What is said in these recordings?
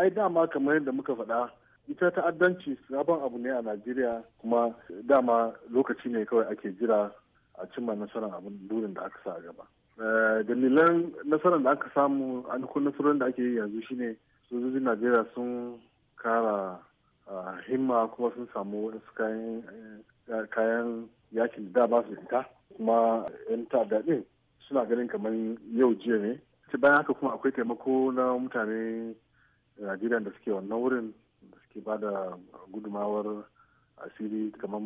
ai dama kamar yadda muka faɗa ita ta'addanci sabon abu ne a najeriya kuma dama lokaci ne kawai ake jira a cimma nasarar abin burin da aka sa a gaba eh, dalilan nasarar da aka samu dukkan nasarar da ake yi yanzu shine sojojin najeriya sun kara ah, himma kuma sun samu wasu kayan eh, yakin da ba su fita kuma yan ta'adda suna ganin kamar yau jiya ne bayan haka kuma akwai taimako na mutane najeriya da suke wannan wurin da suke ba da gudumawar asiri kamar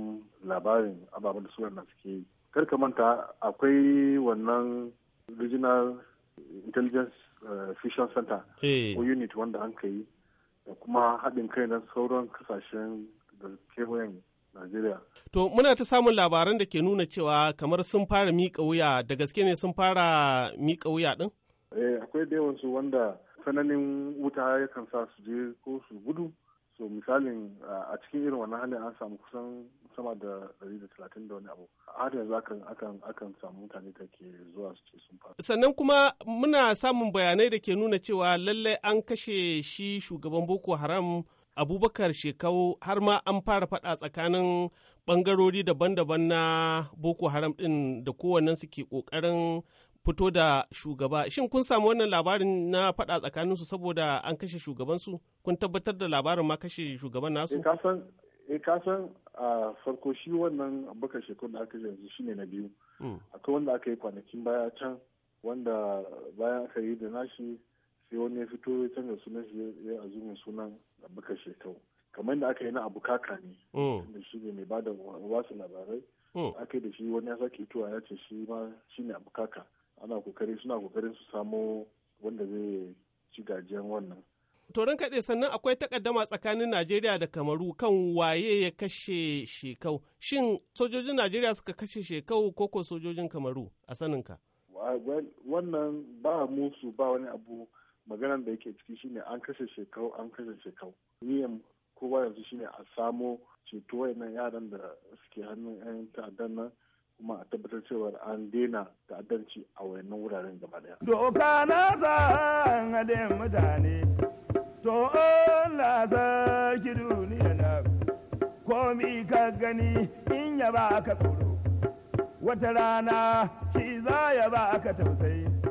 labarin ababen da suna suke yi kar ka manta akwai wannan regional intelligence eh, fusion center eh. ko unit wanda an ka yi da kuma haɗin kai na sauran kasashen da kewayen Najeriya. To muna ta samun labaran da ke nuna cewa kamar sun fara miƙa wuya da gaske ne sun fara miƙa wuya ɗin? Eh akwai da Su wanda sananin wuta yakan sa su je ko su gudu so misalin uh, a cikin irin wannan halin an samu kusan sama da 130 da wani abu har yanzu akan akan akan samu mutane da ke zuwa su ce sun fara sannan kuma muna samun bayanai da ke nuna cewa lallai an kashe shi shugaban boko haram abubakar shekau har ma an fara faɗa tsakanin bangarori daban-daban na boko haram ɗin da kowannen su ke ƙoƙarin fito da shugaba shin kun samu wannan labarin na faɗa su saboda an kashe shugaban su kun tabbatar da labarin ma kashe shugaban eh, nasu e kasan eh, a farko shi wannan bakar shekaru da aka yanzu shine na biyu hmm. akwai wanda aka yi kwanakin baya can wanda bayan aka yi da nashi sai wani ya fito ya canza sunan shi ya azumin sunan bakar shekaru kamar da aka yi na abu ne hmm. da shi ne mai bada wasu labarai hmm. aka yi da shi wani ya sake tuwa ya ce shi ma shine ne abu ana kokari suna kokari su samo wanda zai ci gajiyan wannan toron kaɗe sannan akwai takaddama tsakanin najeriya da kamaru kan waye ya kashe shekau shin sojojin najeriya suka kashe shekau koko sojojin kamaru a saninka wannan ba musu ba wani abu maganan da yake ciki shine an kashe shekau an kashe shekau niyan kowa yanzu shine a samo ceto wayannan yaran da suke hannun yan ta'addan nan kuma a tabbatar cewa an daina ta'addanci a wayannan wuraren gaba daya. Doka na zan haɗe mutane, to Allah sarki duniya na komi ka gani in ya ba ka tsoro, wata rana shi za ya ba ka tausayi.